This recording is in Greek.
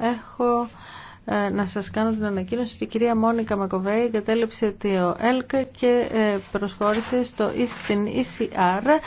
Έχω ε, να σας κάνω την ανακοίνωση ότι η κυρία Μόνικα Μακοβέη εγκατέλειψε το ΕΛΚ και ε, προσχώρησε στο, στην ECR